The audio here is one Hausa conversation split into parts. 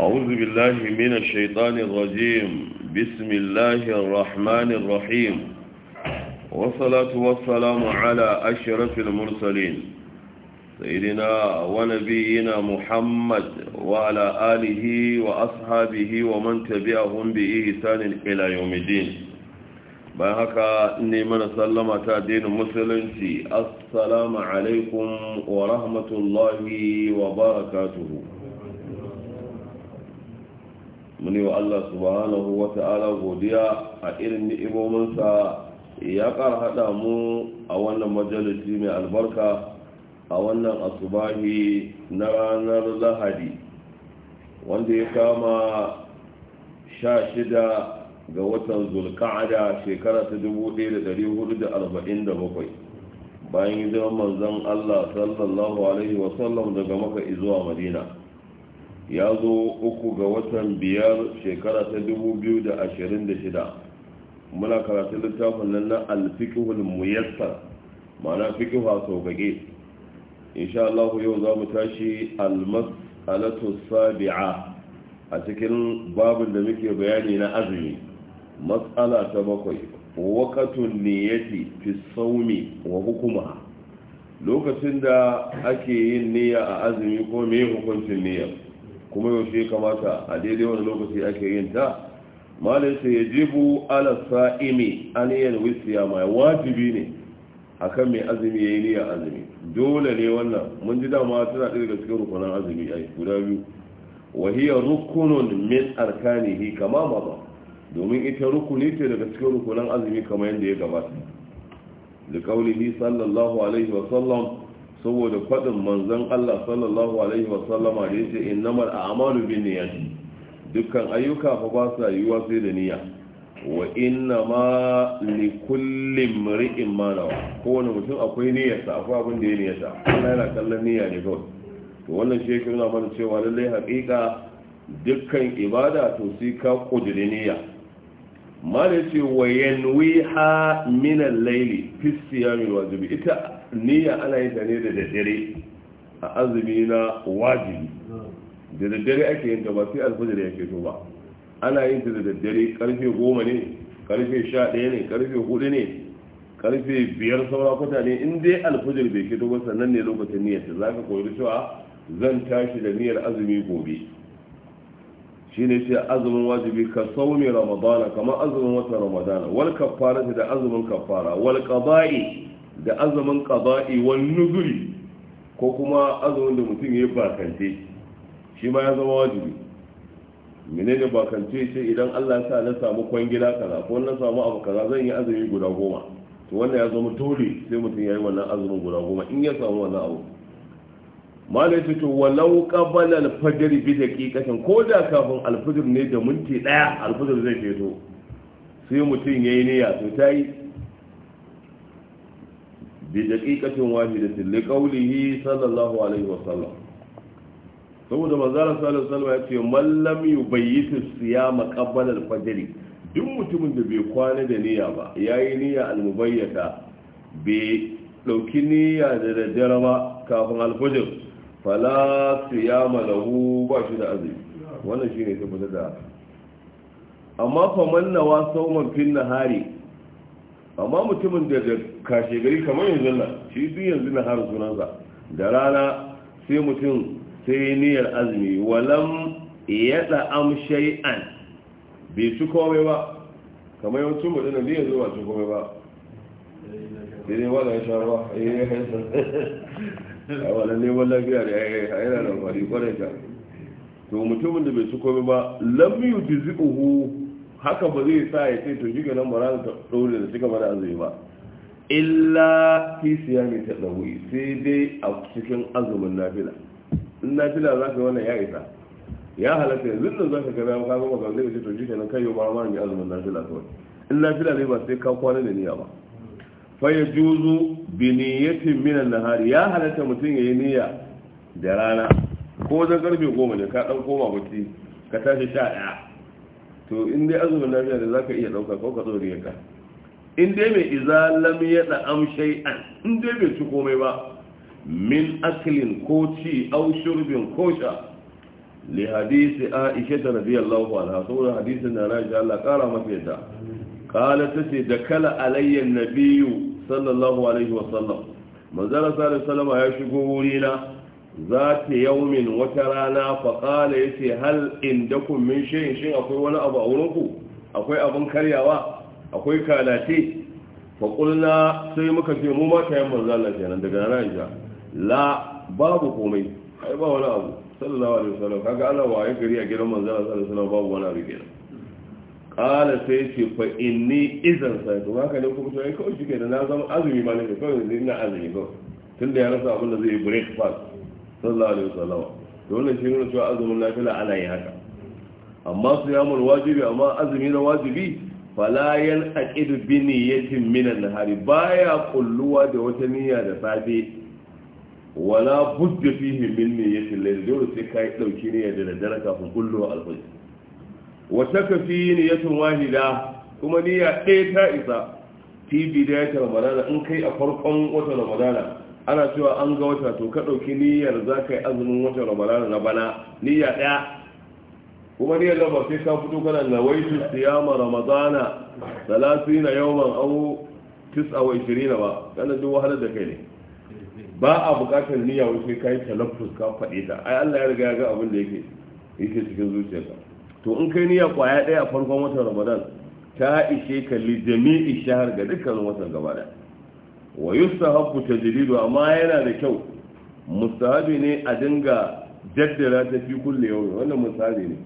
أعوذ بالله من الشيطان الرجيم بسم الله الرحمن الرحيم والصلاة والسلام على أشرف المرسلين سيدنا ونبينا محمد وعلى آله وأصحابه ومن تبعهم بإحسان إلى يوم الدين bayan haka ne mana sallama ta daina musulunci assalamu alaikum wa rahmatullahi wa barakatuhu muni wa Allah subhanahu wa ta'ala godiya a irin ni'imominsa ya ƙara haɗa mu a wannan majalisi mai albarka a wannan asubahi na ranar lahadi wanda ya kama sha shida ga watan zulka'ada shekara ta dubu da da bakwai bayan hijiran manzon Allah sallallahu alaihi wasallam daga maka izuwa madina ya zo uku ga watan biyar shekara ta dubu biyu da ashirin da shida muna karatun littafin nan na alfikihul muyassar ma'ana fikihu a insha Allah yau za mu tashi almas'alatu sabi'a a cikin babin da muke bayani na azumi mas'ala ta bakwai wakatun niyyati fi saumi wa hukuma lokacin da ake yin niyya a azumi ko me hukuncin niyyar kuma yaushe ya kamata a daidai wani lokaci ake yin ta malai sai ya jibu ala sa'imi aniyar wisiya mai wajibi ne a kan mai azumi ya yi niya azumi dole ne wannan mun ji dama tana ɗaya daga cikin rukunan azumi a guda biyu wahiyar rukunan min arkanihi kama ba domin ita rukuni ce daga cikin rukunan azumi kamar yadda ya gabata da kaulihi sallallahu saboda faɗin manzon Allah sallallahu alaihi wasallama da yace a a'malu niyan dukkan ayyuka fa ba sa yiwuwa sai da niyya wa inna ma li kullum ri'in ma kowane mutum akwai niyyarsa akwai abin da ya niyyarsa Allah yana kallon niyya ne kawai to wannan shi yake nuna mana cewa lallai haƙiƙa dukkan ibada to sai ka kudiri niyya ma da ce wa ha min al-layli fi siyamil wajibi ita niyya ana yin ta ne da daddare a azumi na wajibi da daddare ake yin ta ba sai alfajir ya ke ba ana yin ta da daddare karfe goma ne karfe sha ɗaya ne karfe hudu ne karfe biyar saura kwata ne in dai alfajir bai ke ba sannan ne lokacin niyyar ta zaka koyi cewa zan tashi da niyyar azumi gobe shi ne ce azumin wajibi ka saumi ramadana kamar azumin wata ramadana wal kafara da azumin kafara wal qada'i da azumin qada'i wani nuzuri ko kuma azumin da mutum ya bakance shi ma ya zama wajibi menene bakance ce idan Allah ya sa na samu kwangila kaza ko na samu abu kaza zan yi azumi guda goma to wannan ya zama dole sai mutum ya yi wannan azumin guda goma in ya samu wannan abu mala ya to walau qabala al-fajr bi daqiqatin ko da kafin al-fajr ne da minti daya al-fajr zai fito sai mutum yayi niyya to tayi bi daqiqatin wahidatin li qawlihi sallallahu alaihi wasallam saboda manzara sallallahu alaihi ya ce man lam yubayyit siyama qabla al duk mutumin da bai kwana da niyya ba yayi niyya al bai ɗauki niyya da daddare ba kafin al-fajr fala siyama lahu ba shi da azumi wannan ta tabbatar da amma fa man nawa sauman fin hari. amma mutumin da da kashe gari kamar yanzu nan shi duk yanzu na har sunansa da rana sai mutum sai niyyar azumi walam da am shay'an bai ci komai ba kamar yawancin mutum da yanzu ba ci komai ba sai dai wala sha ruwa eh. a wannan neman lafiya ya yi a da amfani kwarai to mutumin da bai ci komai ba lam haka ba zai sa ya ce to jiga nan bara ta dole da shiga bara azumi ba illa fi siyami ta dawi sai dai a cikin azumin nafila in nafila za ka yi wannan ya isa ya halatta yanzu da za ka ga dama ka gama kan zai ce to jiga nan kai ba ma ne azumin nafila kawai in nafila ne ba sai ka kwana da niyya ba fa ya juzu bi niyyatin min an-nahari ya halatta mutum yi niyya da rana ko wajen karfe goma ne ka dan koma bacci ka tashi sha ɗaya to in dai azumin lafiya da zaka iya dauka ko ka tsori yanka in dai mai iza lam ya am shay'an in dai bai ci komai ba min aklin ko ci au shurbin ko sha li hadisi aisha ta radiyallahu anha da hadisin na Aisha Allah kara mafi yadda kala tace da kala alayya nabiyyu sallallahu alaihi wa sallam manzara sallallahu alaihi wa sallama ya shigo wurina za ta yaumin wata rana faƙala ya ce hal inda kummin shayin shi akwai wani abu a wurinku akwai abin karyawa akwai kalace faƙulna sai muka ce mu mata yan manzana kenan daga na ja. la babu komai ai ba wani abu sallallahu alaihi wasallam kaga ana waye gari a gidan manzana sallallahu alaihi wasallam babu wani abu kenan kala sai ce fa inni izan sai to haka ne kuma sai kawai shi kenan na zama azumi ma ne kawai ina azumi ba tunda ya rasa abin da zai breakfast sallallahu alaihi wasallam to wannan shi ne cewa azumin nafila ana yi haka amma mun wajibi amma azumi na wajibi fala yan ne bi niyyatin min an-nahari baya kulluwa da wata niyya da safe wala budda fihi min niyyatin layl dole sai kai dauki niyya da daddare kafin kulluwa al-fajr wa takfi niyyatun wahida kuma niyya ɗaya ta isa fi bidayatil ramadana in kai a farkon watan ramadana ana cewa an ga wata to ka ɗauki niyyar za ka yi azumin wata ramadana na bana niyya ɗaya kuma niyyar da ba sai ka fito kana na waitu siyama ramadana talatin yawman au tis'a wa ishirina ba kana duk wahalar da kai ne ba a buƙatar niyya wai sai ka yi talaffus ka faɗi ta ai Allah ya riga ya ga abin da yake yake cikin zuciyarka to in kai niyya kwaya ɗaya a farkon watan ramadan ta ishe ka li shahar ga dukkan watan gaba wa ta tajridu amma yana da kyau mustahabi ne a dinga jaddara ta fi kulle yau wannan misali ne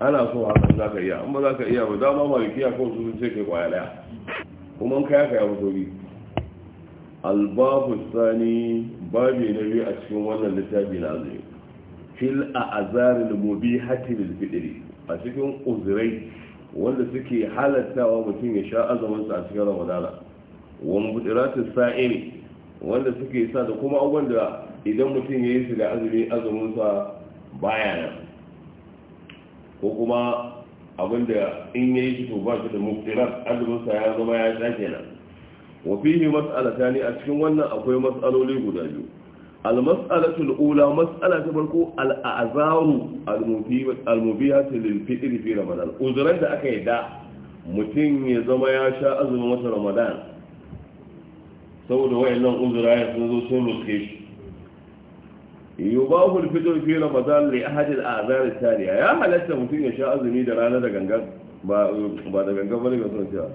ana so haka za ka iya amma ba za ka iya ba dama malikiya kawai su sun ce kai kwaya daya kuma ka yaka ya fito bi albabu sani babi na biyu a cikin wannan littafi na azumi fil a azarin mubi hatin fitiri a cikin uzurai wanda suke halattawa mutum ya sha azamansa a cikin ramadana wa mubdiratu sa'imi wanda suke sa da kuma abubuwan da idan mutum ya yi su da azumi azumin sa baya nan ko kuma abin da in ya yi shi to ba shi da mubdirat azumin sa ya zama ya tsake nan wa fihi ne a cikin wannan akwai mas'aloli guda biyu المسألة الأولى مسألة تبركو Ramadan. المبيهة da aka yi da mutum ya zama ya sha azumin wata Ramadan. saboda wayannan uzura ya sun zo sun ruske shi yubahu al-fitr fi ramadan li ahad al-a'zar al-thaniya ya halatta mutum ya sha azumi da rana da gangan ba ba da gangan bane ga sunan cewa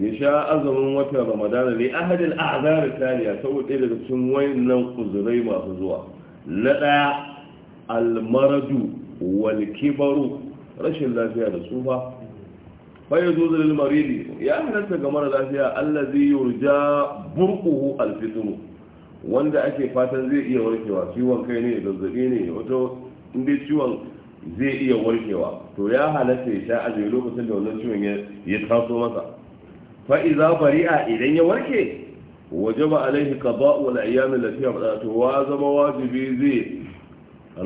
ya sha azumin watan ramadan li ahad al-a'zar al-thaniya saboda ɗaya daga cikin wayannan uzurai masu zuwa na ɗaya Almaradu maradu wal kibaru rashin lafiya da tsufa bai zuzu lil ya halatta ga mara lafiya allazi yurja burquhu al fitru wanda ake fatan zai iya warkewa ciwon kai ne zazzabi ne wato inda ciwon zai iya warkewa to ya halatta ya sha azumi lokacin da wannan ciwon ya taso masa fa iza bari'a idan ya warke wajaba alaihi qada'u al ayyam allati to wa zama wajibi zai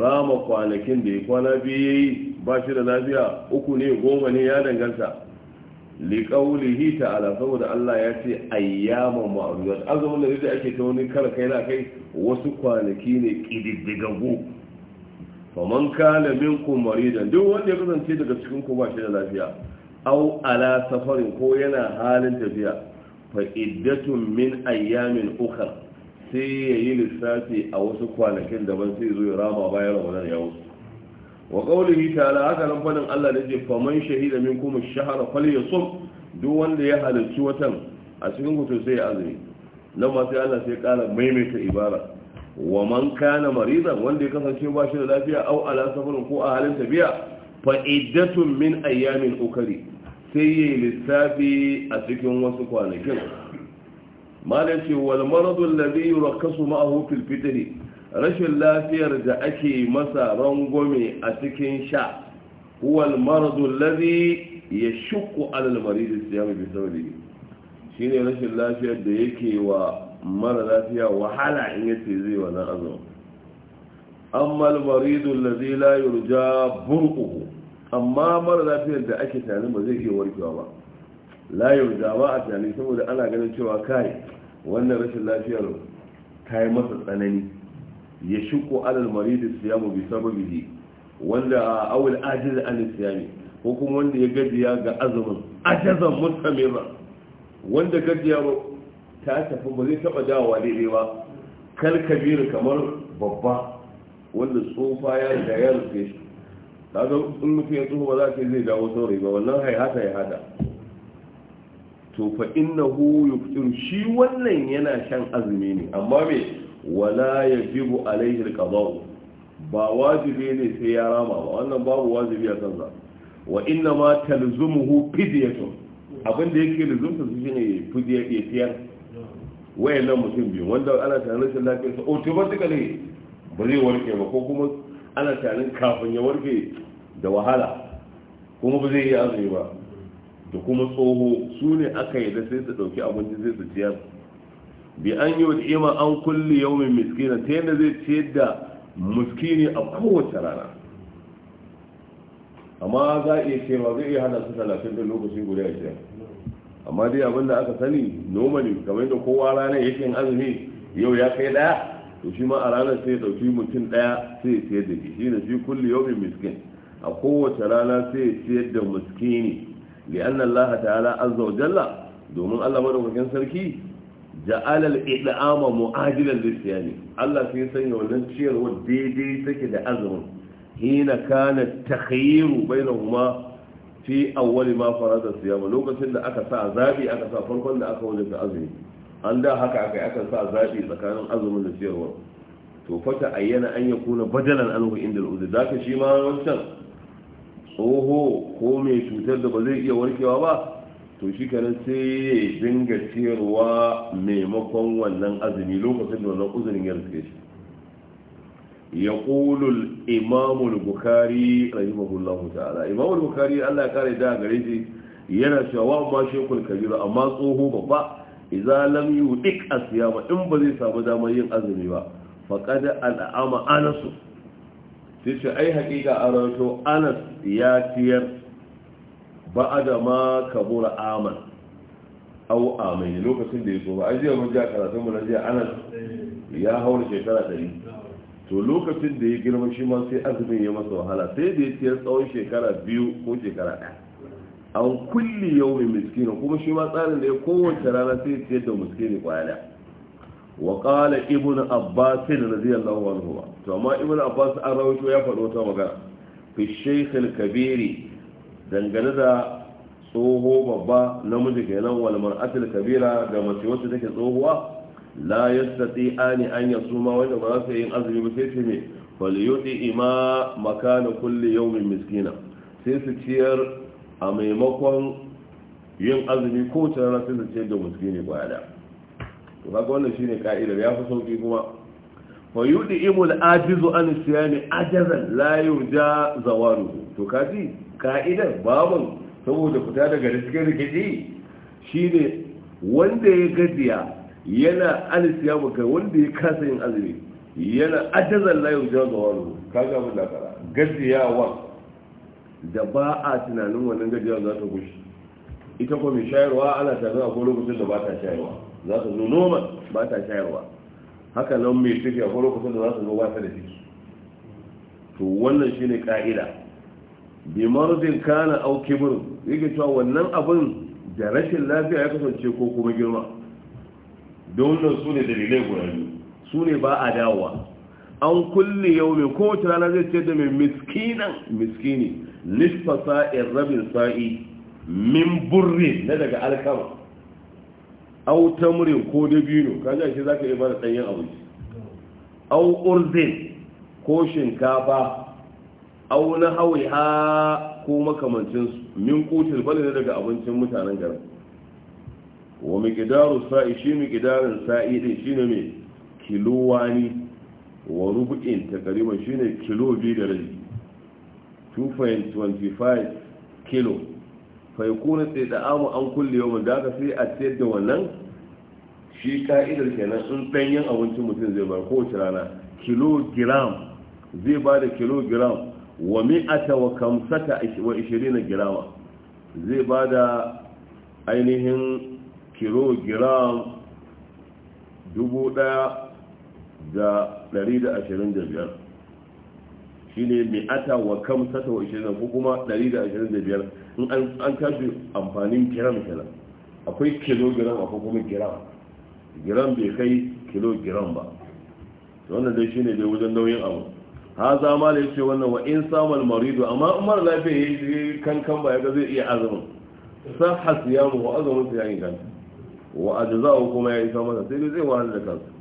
rama kwanakin da ya kwana biyu yayi ba shi da lafiya uku ne goma ne ya danganta liƙaulihi ta'ala saboda Allah ya ce ayyaman ma'arurat azumin da ake ta wani karkai kai na kai wasu kwanaki ne ƙididdigagu faman kana kumari da duk wanda ya kasance daga cikin kuma shi da lafiya au ala safarin ko yana halin tafiya fa iddatun min ayyamin ukar sai yayi lissafi a wasu kwanakin daban sai zo ya rama bayan Ramadan ya wasu wa qawlihi ta'ala haka nan fadin Allah da ce faman shahida minkum ash fal falyasum duk wanda ya halarci watan a cikin ku to sai ya azumi nan ma sai Allah sai kara maimaita ibara wa man kana maridan wanda ya kasance ba shi da lafiya au ala safarin ko a halin tafiya fa iddatun min ayyamin ukari sai yi lissafi a cikin wasu kwanakin malam ce wal maradu alladhi yurakkasu ma'ahu fil fitri rashin lafiyar da ake masa rangwame a cikin sha huwal maradu ladi ya shukku alal maridi siyami bi sauri shi ne rashin lafiyar da yake wa mara lafiya wahala in yace zai wani azumi amma al maridu lazi la yurja burquhu amma mara lafiyar da ake tani ba zai iya warkewa ba la yurja ba a tani saboda ana ganin cewa kai wannan rashin lafiyar ta yi masa tsanani ya shuko alal maridi siyamu bi sababihi wanda awul ajiz an siyami ko kuma wanda ya gajiya ga azumin ajazan mutamira wanda gajiya ta tafi ba zai taba dawowa daidai ba kal kabiru kamar babba wanda tsofa ya riga ya rufe shi kaga in mutum ya tsofa ba za ka zai dawo saurayi ba wannan haihata ya hada to fa innahu yuftir shi wannan yana shan azumi ne amma me wala yajibu alaihi alqada'u ba wajibi ne sai ya rama ba wannan babu wajibi a kansa wa inna ma talzumuhu fidyatun abin da yake luzumta su shine fidya ya fiyar wayannan mutum biyu wanda ana tare rashin lafiyar sa automatically ba zai warke ba ko kuma ana tarin kafin ya warke da wahala kuma ba zai yi azumi ba da kuma tsoho su ne aka yi da sai su ɗauki abinci sai su ciyar bi an yi wa'ima an kulli mai miskina ta yadda zai ciyar da muskini a kowace rana amma za a iya cewa zai iya hana su talafin da lokaci guda ya ce amma dai abin da aka sani nomani kamar da kowa rana yake yin azumi yau ya kai daya to shi ma a ranar sai ya dauki mutum daya sai ya ciyar da shi shi da shi kulli mai miskin a kowace rana sai ya ciyar da muskini li'anna Allah ta'ala azza wa jalla domin Allah madaukakin sarki ja'ala al-i'lama mu'ajilan lisyani Allah sai sanya wannan ciyarwa daidai take da azumin hina kana takhayyiru bainahuma fi awwal ma farada siyama lokacin da aka sa zabi aka sa farkon da aka wajen azumi an da haka aka aka sa zabi tsakanin azumin da ciyarwa to fata ayyana an yakuna badalan anhu inda al zaka shi ma wancan tsoho ko mai cutar da ba zai iya warkewa ba to shi kenan sai ya dinga ciyarwa maimakon wannan azumi lokacin da wannan uzurin ya rufe shi ya kulul imamul bukari rahimahullahu ta'ala imamul bukari allah ya kare da gare shi yana cewa ma shekul kabiru amma tsoho babba idza lam yudik asiyama in ba zai samu damar yin azumi ba faqad al'ama anasu sai ce ai haƙiƙa a rawato anas ya ciyar ba'ada ma kabura aman au Amin lokacin da ya so ba a jiya mun ja karatun mu na jiya anas ya haura shekara ɗari to lokacin da ya girma shi ma sai azumin ya masa wahala sai da ya ciyar tsawon shekara biyu ko shekara ɗaya an kulli yau mai miskinin kuma shi ma tsarin da ya kowace rana sai ya ciyar da miskini kwaya wa qala ibn abbas radiyallahu anhu to amma ibn abbas an rawaito ya faɗo ta magana fi shaykh al-kabiri dangane da tsoho babba namiji kenan wal mar'atul kabira ga mace wacce take tsohuwa la yastati ani an yasuma wanda ba za su yin azumi ba sai su me yuti ima makana kulli yawmin miskina sai su ciyar a maimakon yin azumi ko ta rana sai su ciyar da miskini kwaya da to kaga wannan shine ka'idar ya fi sauki kuma fa yuti imul ajizu an siyami ajazan la yurja zawaru to kaji ka'idar babin saboda fita daga riskin rikici ne wanda ya gajiya yana alisiya kai wanda ya kasa yin azumi yana ajazan layu jaza wani kaga abin da kara gajiyawa da ba a tunanin wannan gajiya za ta gushi ita kuma mai shayarwa ana tafiya ko lokacin da ba ta shayarwa za ta zo noma ba ta shayarwa haka nan mai ciki akwai lokacin da za ta zo ba ta da ciki to wannan shi ne ka'ida bi marzin kana au kibir yake cewa wannan abin da rashin lafiya ya kasance ko kuma girma don nan su ne dalilai guda biyu su ne ba a dawowa an kulle yau mai kowace rana zai ce da mai miskinan miskini nisfa sa'in rabin sa'i min burri na daga alkama au tamurin ko dabino kaji shi za ka yi da ɗanyen abinci au urzin ko shinkafa au na hawi ha ko makamancinsu min kutil ne daga abincin mutanen garin wa miqdaru sa'i shi miqdarin sa'i din shine me kilo wani wa rubu'in takriban shine kilo ne da rabi 2.25 kilo fa yakuna tsida'amu an kulli yawm da ka sai a tsayar da wannan shi ka'idar kenan sun danyen abincin mutum zai bar kowace rana kilogram zai ba da kilogram wa mi'ata wa kamsata wa ishirina girama zai ba da ainihin giram dubu daya da dari da ashirin da biyar shi ne mi'ata wa kamsata wa ishirina ko kuma dari da ashirin da biyar in an tashi amfanin kiram kenan akwai kilo giram akwai kuma giram giram bai kai kilo giram ba wannan dai shi ne dai wajen nauyin abu haza ma da yake wannan wa in samal maridu amma umar mara lafiya yi kankan ba yaga zai iya azumin sahha siyamu wa azumin sa yayin ganta wa ajza'u kuma yi sama da sai zai wahala da kansa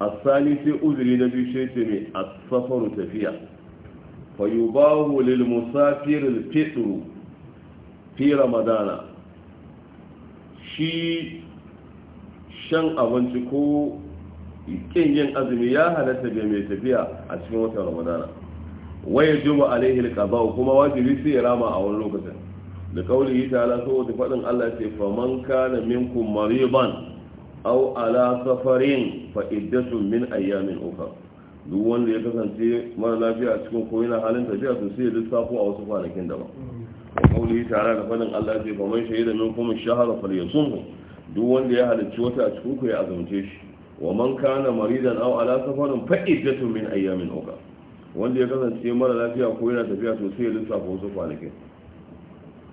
asali sai uzuri na biyu shi ce mai safaru tafiya fa yubahu lil musafir al fitr fi ramadana shi shan abinci ko kin yin azumi ya halatta ga mai tafiya a cikin watan ramadana waya juma alaihi alqada kuma wajibi sai ya rama a wani lokacin da kaulihi ta'ala wata fadin Allah ce man kana minkum mariban aw ala safarin fa iddatu min ayyamin ukhra duk wanda ya kasance mara lafiya a cikin ko yana halin tafiya to sai ya lissafo a wasu kwanakin daban wa kaulihi ta'ala da fadin Allah ce man shahida minkum ash-shahra falyasumhu duk wanda ya halarci wata a cikin ku ya azumce shi ومن كان مريضا أو على سفر فعدة من أيام أخرى wanda ya kasance mara lafiya ko yana tafiya sosai sai ya lissafa wasu kwanakin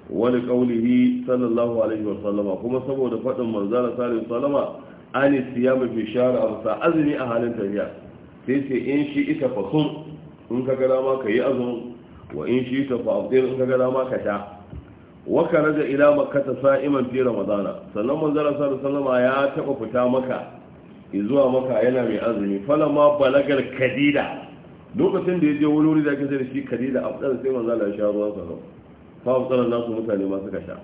wani kaulihi sallallahu alaihi wa sallama kuma saboda faɗin manzala sallallahu sallama an siyama mafi shara amsa azumi a halin tafiya sai sai in shi ita fa sun in ka gada dama ka yi azumi wa in shi ita fa afdir in ka gada dama ka sha wa ka raja ila makkah sa'iman fi ramadana sannan manzala sallallahu sallama ya taɓa fita maka zuwa maka yana mai azumi falama balagar kadida lokacin da ya je wani wuri da ake da shi kadida a fitar sai manzo Allah ya sha ruwan sa fa fitar nasu mutane ma suka sha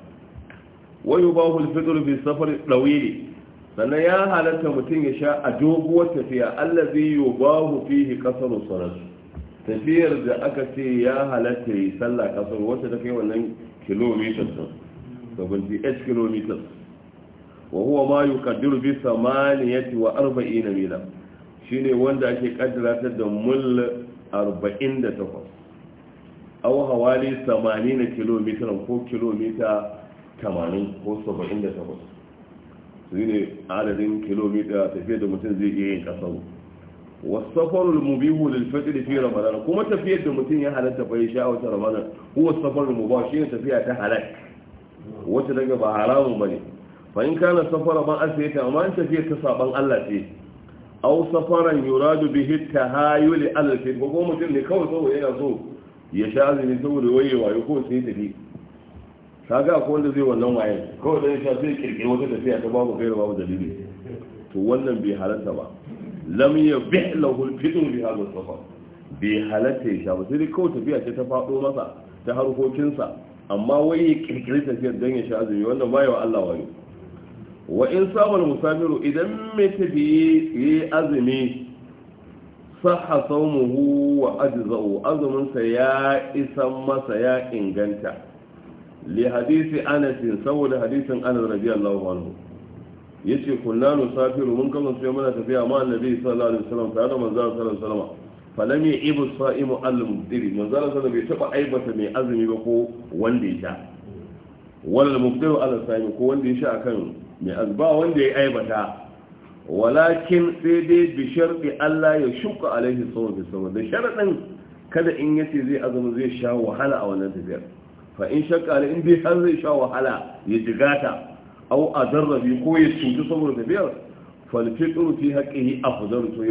wa yubahu al-fitr fi safar dawili sannan ya halatta mutum ya sha a doguwar tafiya allazi yubahu fihi qasaru salat tafiyar da aka ce ya halatta yi sallah kasar wacce ta kai wannan kilomitar 78 kilomitar wa huwa ma yuqaddiru bi samaniyati wa na mila ne wanda ake kaddara ta da mul 48 aw hawali 80 km ko kilomita 80 ko 78 shine adadin kilomita tafiya da mutum zai iya yin kasar والسفر المبيح للفتر في رمضان كما تفيه da mutum ya halatta bai sha wata ramadan huwa safar mubah shine tafiya ta halal wata daga ba haramun bane fa in kana safara ban asiyata amma in tafiya ta saban Allah ce Au safaran yuradu bihi tahayul al ce ko mutum ne kawai so yana so ya sha azumi saboda waye waye ko sai tafi ga ko wanda zai wannan waye kawai ya sha zai kirkire wata tafiya ta babu kai da babu dalili to wannan bai halatta ba lam yabih lahu al fitu bi hadha safar bai halatta ya sha ba sai dai kawai tafiya ce ta faɗo masa ta harkokinsa amma wai ya kirkire tafiyar don ya sha azumi wannan bai wa Allah wayo wa in samun musafiru idan mai tafiye ya azumi saha saumuhu wa ajza'u azuminsa ya isan masa ya inganta li hadisi anasin saboda hadisin anas radiyallahu anhu yace kunna nusafiru mun kama sai muna tafiya ma annabi sallallahu alaihi wasallam tare da manzo sallallahu alaihi wasallam falam yibu sa'imu al-mudiri manzo sallallahu alaihi wasallam bai taba aibata mai azumi ba ko wanda ya sha wal mubdiru al sa'imi ko wanda ya sha akan mai azba wanda ya aibata walakin sai dai bi sharɗi Allah ya shuka alaihi sama bi sama da sharaɗin kada in yace zai azumi zai sha wahala a wannan tafiyar fa in shakka in dai har zai sha wahala ya jigata aw adarrabi ko ya cuta saboda tafiyar fal fitru fi haqqihi afdal to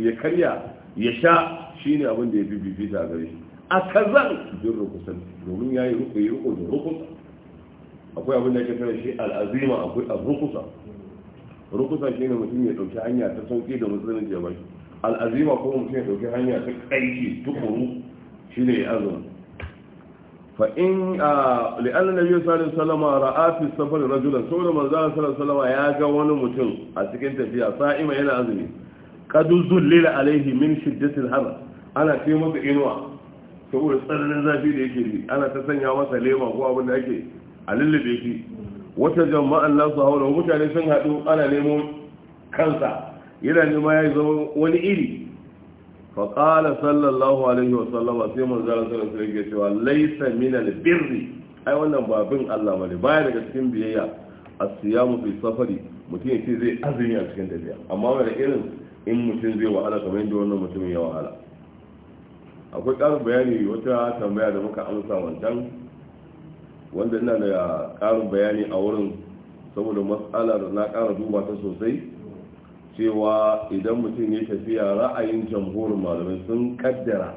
ya karya ya sha shine abin da ya bibita a gare shi a kazan bin domin yayi ruku yi ruku da rukun? akwai abin da ke kira shi al'azima akwai rukusa rukusa shi ne mutum ya ɗauki hanya ta sauƙi da musulun ya bashi al'azima kuma mutum ya ɗauki hanya ta aiki tukuru shi ne ya azuma in a li'an na biyu salin salama fi safar rajulan saboda sallallahu alaihi salama ya ga wani mutum a cikin tafiya sa'ima yana azumi kadu zullila alaihi min shiddatil hara ana ce masa inuwa saboda tsananin zafi da yake ji ana ta sanya masa lema ko abin da yake a lullube shi wata jama'an nasu haula mutane sun haɗu ana nemo kansa yana nema ya zama wani iri faƙala sallallahu alaihi sallama sai manzara sallallahu alaihi rage cewa laisa min albirri ai wannan ba bin Allah bane baya daga cikin biyayya asiyamu fi safari mutum ya ce zai azumi a cikin tafiya amma wani irin in mutum zai wahala kamar yadda wannan mutumin ya wahala akwai ƙarin bayani wata tambaya da muka amsa wancan wanda ina da ƙarin bayani a wurin saboda matsalar na ƙara duba ta sosai cewa idan mutum ya tafiya ra'ayin jamhurin malamai sun kaddara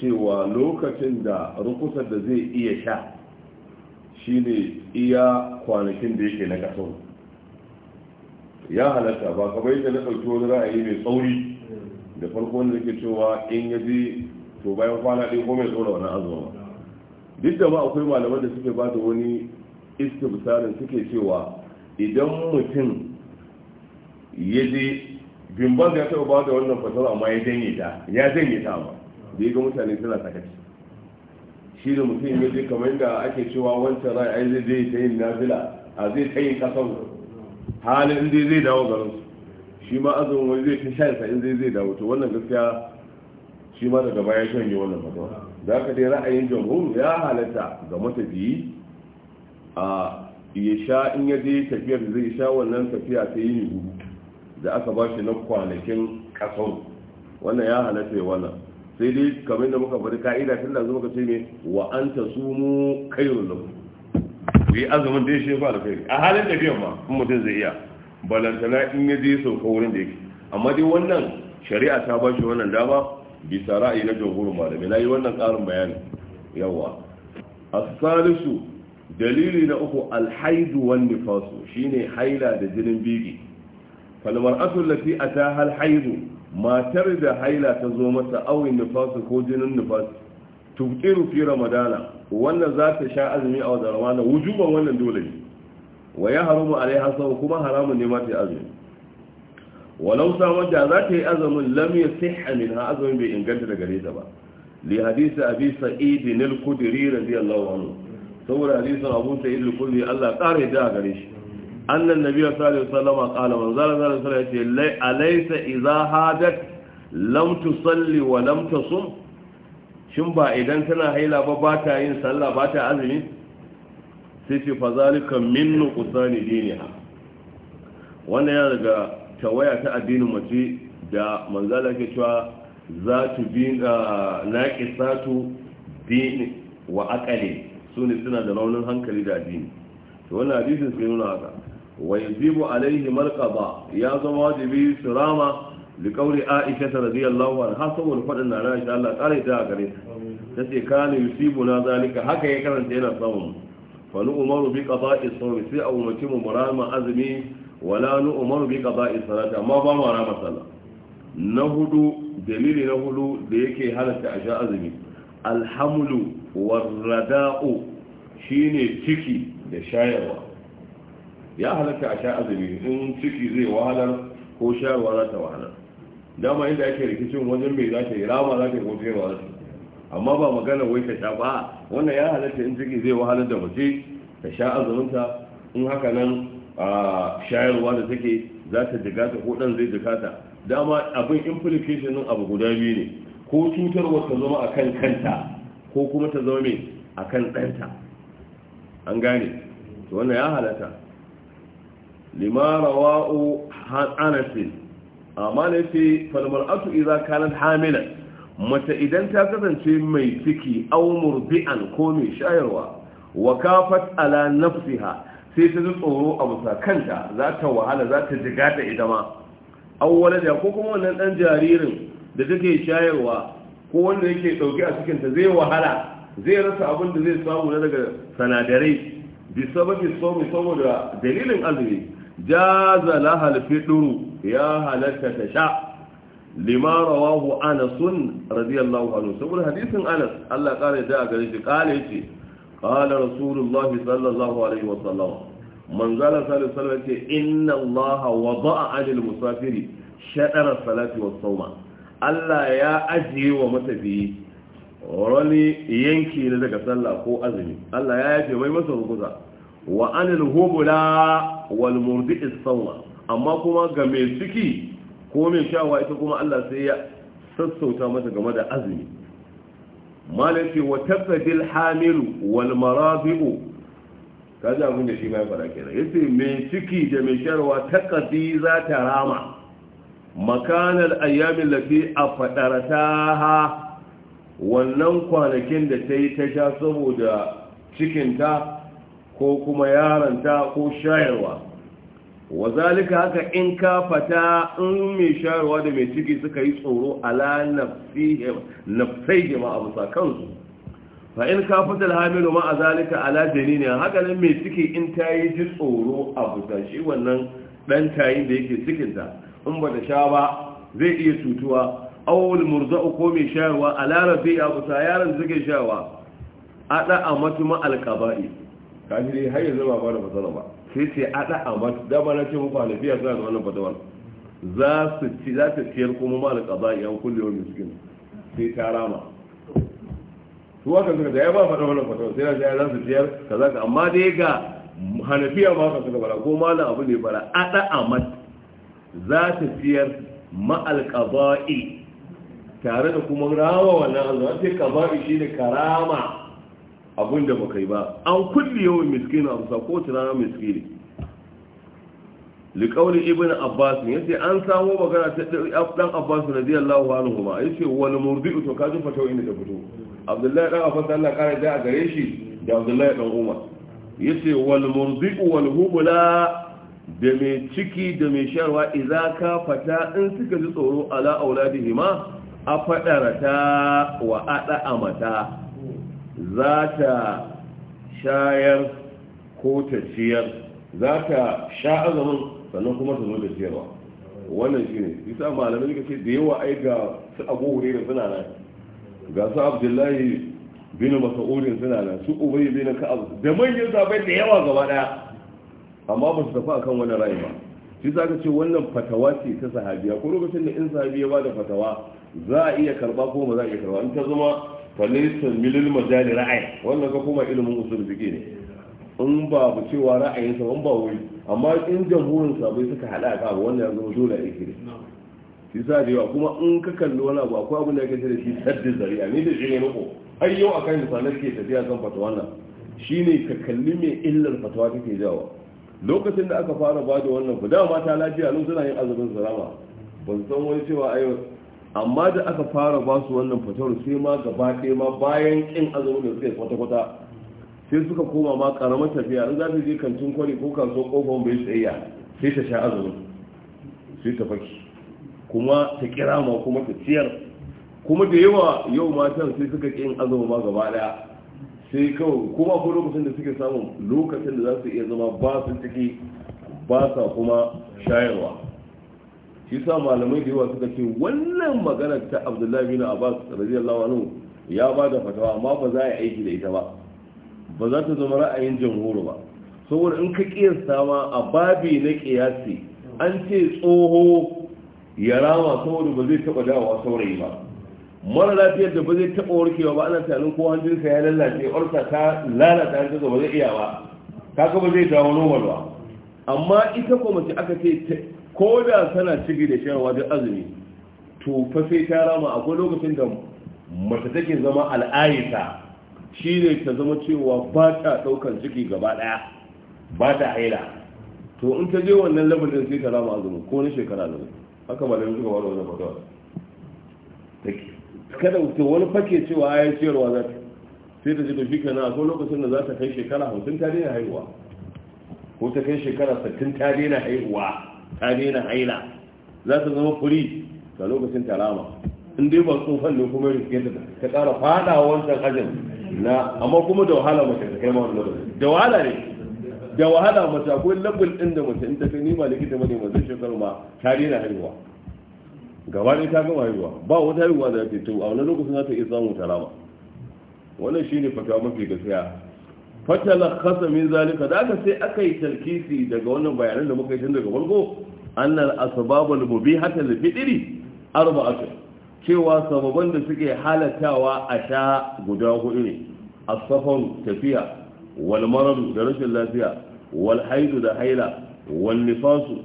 cewa lokacin da rukusar da zai iya sha shine iya kwanakin da yake na kasar ya halatta ba kamar yadda na ɗauki wani ra'ayi mai tsauri da farko wanda ke cewa in ya je to bayan kwana ɗin ko mai tsoro wani azuma duk da ba akwai malamai da suke ba da wani istibsarin suke cewa idan mutum ya je bimban ya taɓa ba da wannan fasara amma ya janye ta ya janye ta ba da ya ga mutane suna sakaci shi da mutum ya je kamar da ake cewa wancan rai ai zai je ta yin nafila a zai ta yin kasan halin zai zai dawo garin su shi ma azumin wani zai ta shayin sa in zai zai dawo to wannan gaskiya shi ma daga baya janye wannan fasara da ka dai ra'ayin jamhur ya halatta ga matafiyi a ya sha in ya je tafiyar zai sha wannan tafiya ta yi hudu da aka ba shi na kwanakin kasau wannan ya halatta ya wannan sai dai kamar da muka bari ka'ida tun da muka ce ne wa an ta su mu kairun lahu ku yi azumin da ya shefa da kai a halin tafiyar ma kuma mutum zai iya balantana in ya je sauka wurin da yake amma dai wannan shari'a ta ba shi wannan dama bisa ra'ayi na jamhurin malamai na yi wannan ƙarin bayani yawa Salisu, dalili na uku alhaidu wan nifasu shine haila da jinin bibi. falmar atullafi a ta halhaidu matar da haila ta zo mata awin nifasu ko jinin nifasu tubtiru fi ramadana wannan za ta sha azumi a wajen ramadana wujuban wannan dole ne wa ya haramu alaiha kuma haramun ne mata yi azumi walau samun da za ta yi azumin lam ya siha min ha azumin bai inganta daga gare ta ba li hadisi abi sa'id al-khudri radiyallahu anhu saboda hadisin abu sa'id al-khudri Allah kare da gare shi annan nabi sallallahu alaihi wasallam qala man zala zala sallallahu alaihi wasallam alaysa idha hadat lam tusalli wa lam tasum shin ba idan tana haila ba ba ta yin sallah ba ta azumi sai ce fa zalika min nuqsani diniha wannan ya daga tawaya ta addinin mace da manzala ke cewa za tu bi ah, na kisatu dini wa akali su ne suna da raunin hankali da addini to wannan hadisin sai nuna haka wa yajibu alaihi malqaba ya zama wajibi su rama li qawli aisha radiyallahu anha saboda fadin na Aisha Allah kare ta gare ta tace kana yusibu na zalika haka ya karanta yana samun fa nu umaru bi qada'i sawmi sai a umarci mu murama azumi wala nu umaru bi qada'i salati amma ba mu rama sallah na hudu dalili na hudu da yake halatta a sha azumi alhamlu warrada'u shine ciki da shayarwa ya halatta a sha azumi in ciki zai wahalar ko shayarwa za ta wahala. dama inda yake rikicin wajen bai za ta yi rama za ta yi ko shayarwa za amma ba magana wai ta sha ba wannan ya halatta in ciki zai wahalar da mace ta sha azuminta in haka nan a shayarwa da take za ta ta ko ɗan zai ta dama abin implication ɗin abu guda biyu ne ko cutarwa ta zama a kan kanta ko kuma ta zama mai a kan ɗanta an gane to wannan ya halata limara wa'o hannasin amma ne falmar asu iza kanan hamilan mace idan ta kasance mai ciki au murbi'an ko mai shayarwa wa kafat ala nafsiha sai ta ji tsoro a busa kanta za ta wahala za ta jiga ta ita ma da ko kuma wannan dan jaririn da take shayarwa ko wanda yake dauke a cikin ta zai wahala zai rasa abin da zai samu na daga sanadarai bi sababi sauru saboda dalilin azumi jaza lahal duru ya halatta ta sha lima rawahu anas radiyallahu anhu saboda hadisin anas Allah kare da gare shi kale yace قال رسول الله صلى الله عليه وسلم من قال صلى الله عليه وسلم إن الله وضع عن المسافر شأر الصلاة Allah ya ajiye wa matafiyi wani yanki na daga sallah ko azumi Allah ya yafe mai masa rukuza wa anil hubula wal amma kuma ga mai ciki ko mai shawa ita kuma Allah sai ya sassauta mata game da azumi malafi wa tafadil hamilu wal marabi'u kaji abin da shi ma fara kenan yace mai ciki da mai sharwa ta za ta rama makanar ayyamin lafi a fadarata wannan kwanakin da ta yi ta sha saboda cikinta ko kuma yaranta ko shayarwa wa zalika haka in ka fata in mai sharuwa da mai ciki suka yi tsoro ala nafsai ma abu kansu fa in ka fata alhamilu ma a zalika ala janini haka nan mai ciki in ta yi ji tsoro abu ta shi wannan dan tayin da yake cikinta in ba ta sha ba zai iya cutuwa awul murza'u ko mai shayarwa ala rafi abu ta yaran suke shayarwa a da'a matu ma alqaba'i kafiri har yanzu ba ba da matsala ba sai ce ada abat dama na ce muku hanafiya suna da wannan fatawar za su ci za ta ciyar kuma ma da kaza yan kulle wa miskin sai ta rama su haka suka da ya ba faɗa wannan fatawar sai na ce za su ciyar kaza ka amma dai ga hanafiya ma haka suka fara ko na abu ne fara ada mata za ta ciyar ma alqaba'i tare da kuma rama wannan Allah sai shi ne karama abin da baka yi ba an kulli yawan miskin a rusa ko tunanin tunana ne. Likaunin ibn abbas ya ce an samo magana ta ɗan abbas na radiyallahu anhu ma ya ce wani murdi'u to kajin fatawa inda ta fito abdullahi ɗan abbas allah ƙara da a gare shi da abdullahi ɗan umar ya ce wani murdi'u wani hubula da mai ciki da mai sharwa iza ka fata in suka ji tsoro ala auladihima a faɗarata wa aɗa amata za ta shayar ko ta ciyar za ta sha azamin sannan kuma ta zo da ciyarwa wannan shi ne isa malamai suka ce da yawa ai ga su abu da suna nan ga su abdullahi bin masa'urin suna nan su ubai bin ka'ab da manyan zabai da yawa gaba daya amma ba su tafi akan wani rayu ba shi za ka ce wannan fatawa ce ta sahabiya ko lokacin da in sahabiya ba da fatawa za a iya karba ko ba za a iya karba in ta zama falaysa milil majali ra'ayi wannan ka kuma ilimin usul fiqi ne in ba bu cewa ra'ayin sa ba wai amma in jamhurin bai suka hada ka ba wannan yanzu dole a ne. shi sa da yawa kuma in ka kalli wani abu akwai abin da yake da shi saddin zari'a ni da shi ne nako har yau akan misalan ke tafiya kan fatawa wannan shine ka kalli me illar fatawa take jawo lokacin da aka fara ba da wannan ku dama ta lafiya lokacin suna yin azumin sarama ban san wani cewa ayo amma da aka fara ba su wannan fatawar sai ma gaba ɗaya ma bayan ƙin azumin da suka yi kwata-kwata sai suka koma ma ƙaramar tafiya in za ta je kantin kwari ko kasuwar ƙofar bai tsayya sai ta sha azumin sai ta faki kuma ta kira ma kuma ta ciyar kuma da yawa yau matan sai suka ƙin azumin ma gaba ɗaya sai kawai kuma ko lokacin da suke samun lokacin da za su iya zama ba su ciki ba sa kuma shayarwa shi sa malamai da yawa suka ce wannan magana ta abdullahi bin abbas radiyallahu anhu ya ba da fatawa amma ba za a yi aiki da ita ba ba za ta zama ra'ayin jamhuru ba saboda in ka kiyasta ma a babi na kiyasi an ce tsoho ya rama saboda ba zai taba dawowa saurayi ba mara lafiyar da ba zai taba warkewa ba ana tunanin ko hanjinsa ya lalace orsa ta lalata hanjinsa ba zai iya ba kaga ba zai dawo normal ba amma ita ko mace aka ce ko da tana ciki da shayarwa duk azumi to fa sai ta rama akwai lokacin da mace take zama al'ayita shi ne ta zama cewa ba ta ɗaukar ciki gaba ɗaya ba ta haila to in ta je wannan labarin sai ta rama azumi ko na shekara da haka ba da yanzu gaba da wani ba. kada ta wani fake cewa ya ciyarwa za ta sai ta ji da shi na akwai lokacin da za ta kai shekara hamsin ta daina haihuwa ko ta kai shekara sittin ta daina haihuwa ta haila za su zama furi ga lokacin tarama in dai ba tsofan ne kuma riske ta ta ƙara fada wancan ajin na amma kuma da wahala mace ta kai ma wani lokacin da wahala ne da wahala mace akwai labul ɗin da mace in ta kai nima likita mai mazan shekaru ma ta daina haihuwa gaba ɗaya ta gama haihuwa ba wata haihuwa da ta to a wani lokacin za ta iya samun tarama wannan shine fatawa mafi gaskiya fatala khasa min zalika da aka sai aka yi talkisi daga wannan bayanan da muka yi tun daga farko annal asbabul mubihata lil fitri arba'atu cewa sababan da suke halatawa a sha guda hudu ne as-safar tafiya wal da rashin lafiya wal haidu da haila wal nifasu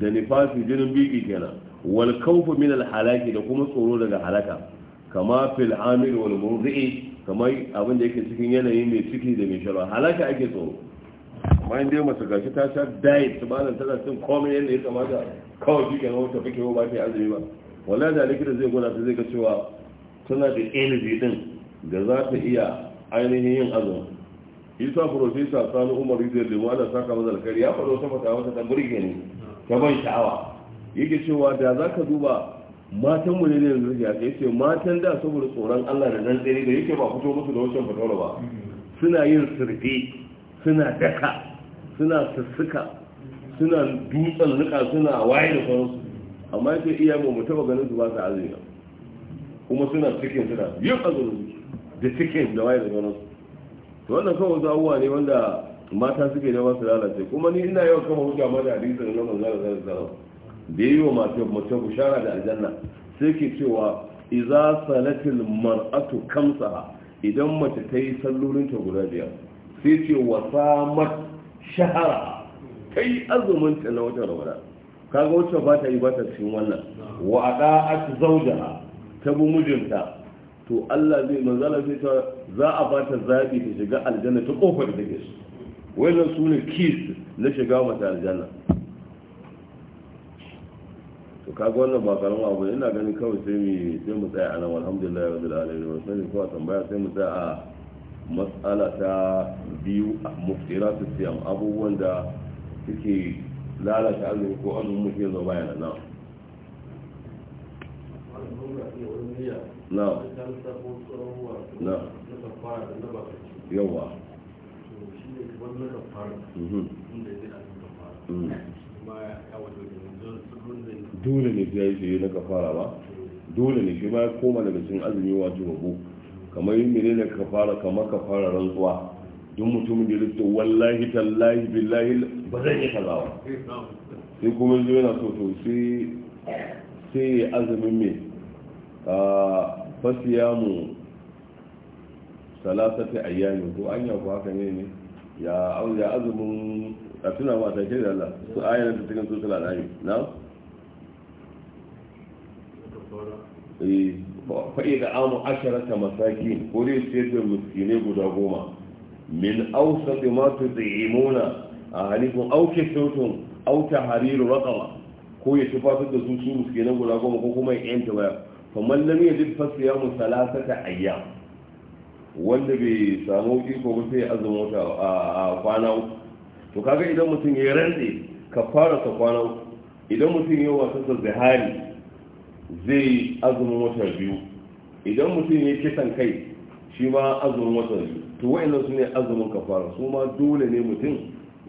da nifasi jinin biki kenan wal khawfu min al halaki da kuma tsoro daga halaka kama fil amil wal murdi'i kamar abin da yake cikin yanayi mai ciki da mai shara halaka ake tsoro amma inda yau masu gashi ta sha diet su ba nan tana cin komai yadda ya kamata kawai shi kenan wata fikewa ba ta yi azumi ba wallahi da likita zai gwada ta zai ga cewa tana da energy din da za ta iya ainihin yin azumi isa profesa sani umar zai limu ana saka mazal kari ya faɗo ta wata dan gani ta ban sha'awa yake cewa da za ka duba matan mu ne ne yanzu ya ce matan da saboda tsoron Allah da nan tsere da yake ba fito musu da wancan fatawar ba suna yin sirfi suna daka suna sussuka suna dutsen nuka suna waye da su amma yake iya mu taba ganin su ba su azumi kuma suna cikin suna yin azumi da cikin da waye da su to wannan kawai wasu abubuwa ne wanda mata suke da wasu lalace kuma ni ina yawan kama hujja ma da hadisin na manzara zara zara da yi wa masu mace bushara da aljanna sai ke cewa iza salatil mar'atu kamsa idan mace ta yi ta guda biyar sai ce wa samar shahara ta yi azuminta na watan rawada kaga wacce ba ta yi ba ta cikin wannan wa da'at zawjaha ta bi mijinta to Allah zai manzala zai ta za a ba ta zabi ta shiga aljanna ta kofar da take su wannan sune Kis na shiga mata aljanna kaga wannan ba karamin abu ina gani kawai sai mu sai mu tsaya anan alhamdulillah rabbil alamin wa sai ko tambaya sai mu tsaya a mas'ala ta biyu muftiratu siyam abubuwan da suke lalata azumi ko azumin mutum zo bayan nan na na na kafara inda dole ne ya yi shirye na kafara ba dole ne shi ba ya koma daga cikin azumi wajen babu kamar yin mene ne kafara kamar kafara rantsuwa duk mutumin da rikta wallahi tallahi billahi ba zai iya kazawa sai kuma zai yana so to sai ya azumin mai a fasiyamu ta ayyamin ko an yaku haka ne ne ya azumin a tunawa ta ke da Allah su ayyana ta cikin su salatani na Eh, fa'i da amu asharata masakin ko dai ce da muskine guda goma min ausa da masu a halifin auke sautun auta hariru rakama ko ya tufatar da zuci su guda goma ko kuma ya yanta baya kamar lam ya duk fasiya mu salasata ayyam wanda bai samu iko ba sai azumin wata a kwana uku to kaga idan mutum ya rantse ka fara sa kwana idan mutum ya wasa sa zihari zai azumin wata biyu idan mutum ya kisan kai shi ma azumin wata biyu to wa'annan su ne azumin kafara su ma dole ne mutum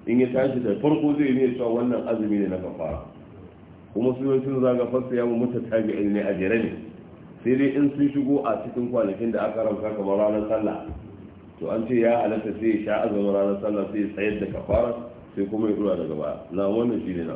in ya tashi da farko zai ne cewa wannan azumi ne na kafara kuma su yi sun zaga fasa yawon mutu ne a jere ne sai dai in sun shigo a cikin kwanakin da aka ranka kamar ranar sallah to an ce ya halatta sai ya sha azumin ranar sallah sai ya da kafara sai kuma ya dura daga baya na wannan shi ne na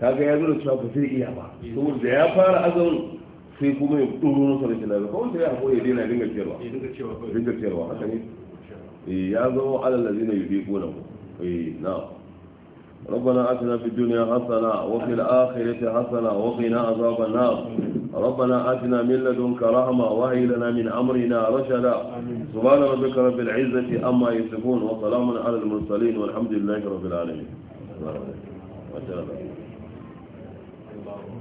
kaga ya zo da cewa ba zai iya ba saboda ya fara azan sai kuma ya ɗoro masa rashin lafiya kawai sai ya haƙo ya daina dinga ciyarwa dinga ciyarwa haka ne eh, ya zama alal lazina yubiquna eh, na'am ربنا آتنا في الدنيا حسنة وفي الآخرة حسنة وقنا عذاب النار ربنا آتنا من لدنك رحمة وهي لنا من أمرنا رشدا سبحان ربك رب العزة أما يصفون وسلام على المرسلين والحمد لله رب العالمين